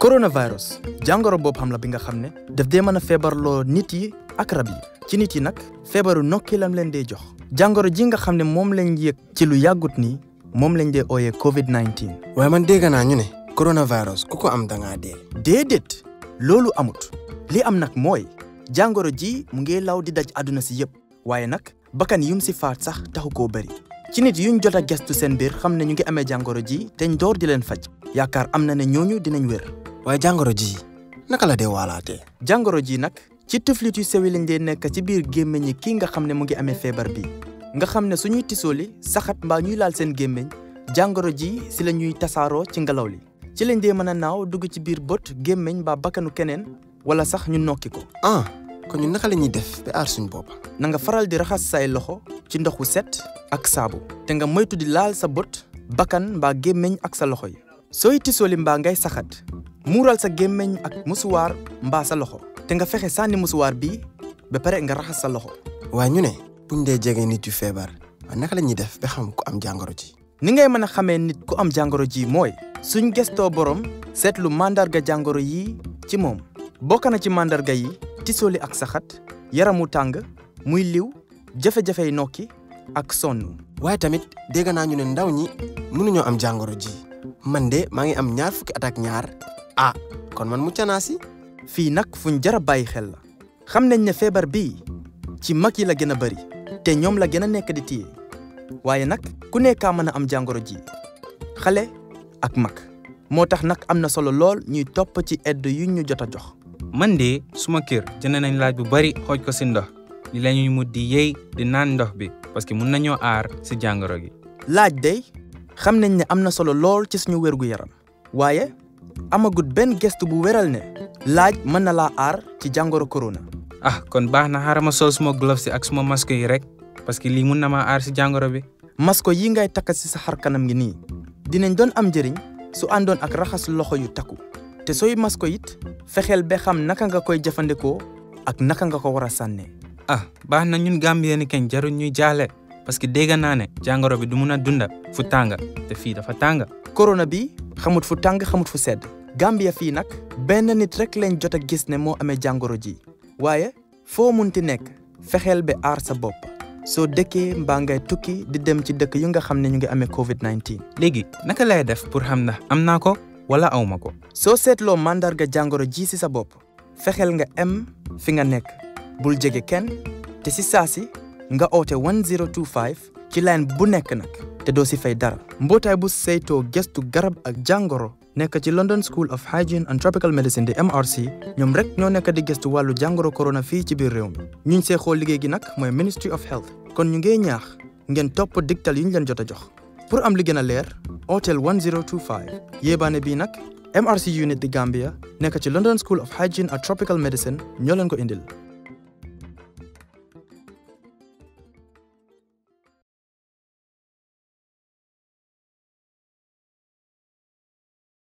coronavirus jàngoro xam la bi nga xam ne daf dee mën a feebarloo nit yi ak rab yi ci nit yi nag feebaru nokki lam leen dee jox jàngoro ji nga xam ne moom lañ yëg ci lu yàggut nii moom lañ dee ooyee covid 19 waaye man dégg naa ñu ne coronavirus ku ko am dangaa dee déedéet loolu amut li am nag mooy jàngoro ji mu ngi law di daj àdduna si yëpp waaye nag bakkan yum si faat sax taxu koo bari ci nit yuñ jot a gestu seen biir xam ne ñu ngi amee jàngoro ji te ndoor di leen faj yaakaar am na ne ñooñu dinañ wér waaye jàngoro ji naka la dee waalaatee. jàngoro ji nag ci tëflit yu sew yi lañ nekk ci biir gémmiñ yi kii nga xam ne mu ngi amee feebar bi nga xam ne suñuy tisooli saxat mbaa ñuy laal seen gémmiñ jàngoro ji si la ñuy tasaaroo ci ngelaw li ci lañ dee mën a naaw dugg ci biir bët gémmiñ mbaa bakkanu keneen wala sax ñu nokki ko. ah kon ñu naka la def ba aar suñu bopp. na nga faral di raxas say loxo ci ndoxu set ak saabu te nga moytu di laal sa bët bakkan mbaa gémmiñ sa loxo yi muural sa gémmiñ ak musuwaar mbaa sa loxo te nga fexe sànni musuwaar bi ba pare nga raxas sa loxo. waaye ñu ne buñ dee jege nit yu feebar naka la ñuy def ba xam ku am jàngoro ji. ni ngay mën a xamee nit ku am jàngoro ji mooy suñ gestoo borom seetlu màndarga jàngoro yi ci moom bokk na ci màndarga yi tisoli ak saxat yaramu tàng muy liw jafe-jafey nokki ak sonn. waaye tamit dégg naa ñu ne ndaw ñi mënuñoo am jàngoro ji man de maa ngi am ñaar fukki at ñaar ah kon man mucc naa si. fii nag fuñ jar a bàyyi xel la. xam nañ ne feebar bii ci mag yi la gën a bari. te ñoom la gën a nekk di téye. waaye nag ku nekkaa mën a am jàngoro ji. xale ak mag. moo tax nag am na solo lool ñuy topp ci edd yu ñu jot a jox. man de suma kër jënd nañ laaj bu bari xooj ko si ndox li la ñuy di yey di naan ndox bi parce que mun nañoo aar si jàngoro gi. laaj day xam nañ ne am na solo lool ci suñu wérgu yaram waaye amagut benn gëstu bu wéral ne laaj mën na laa aar ci jàngoro corona. ah kon baax na xaaral ma sol suma gloves yi ak suma masque yi rek parce que lii mun na ma aar si jàngoro bi. masko yi ngay takk si sa xar kanam ngi nii dinañ doon am njëriñ su àndoon ak raxas loxo yu takku te sooy masko it fexeel ba xam naka nga koy jëfandikoo ak naka nga ko war a sànnee. ah baax na ñun Gambien kenn jarul ñuy jaale parce que dégg naa ne jàngoro bi du mun a dunda fu tàng te fii dafa tàng. corona bi xamut fu tàng xamut fu sedd Gambia fii nag benn nit rek lañ jot a gis ne moo amee jàngoro ji waaye foo mun ti nekk fexeel ba aar sa bopp soo dëkkee mbaa ngay tukki di dem ci dëkk yu nga xam ne ñu ngi amee Covid 19. léegi naka lay def pour xam na am naa ko wala awma ko. soo seetloo màndarga jàngoro ji si sa bopp fexeel nga em fi nga nekk bul jege kenn te si saa si nga oote 1025. ci line bu nekk nag te doo si fay dara mbootaay bu saytoo gestu garab ak jàngoro nekk ci London School of Hygiene and Tropical Medicine di MRC ñoom rek ñoo nekk di gestu wàllu jàngoro corona fii ci biir réew mi ñuñ see xool liggéey gi nag mooy Ministry of Health kon ñu ngey ñaax ngeen topp digtal yi ñu leen jot a jox pour am li gën a leer hôtel 1025 yéebaane bii nag MRC unit di Gambia nekk ci London School of Hygiene and Tropical Medicine ñoo leen ko indil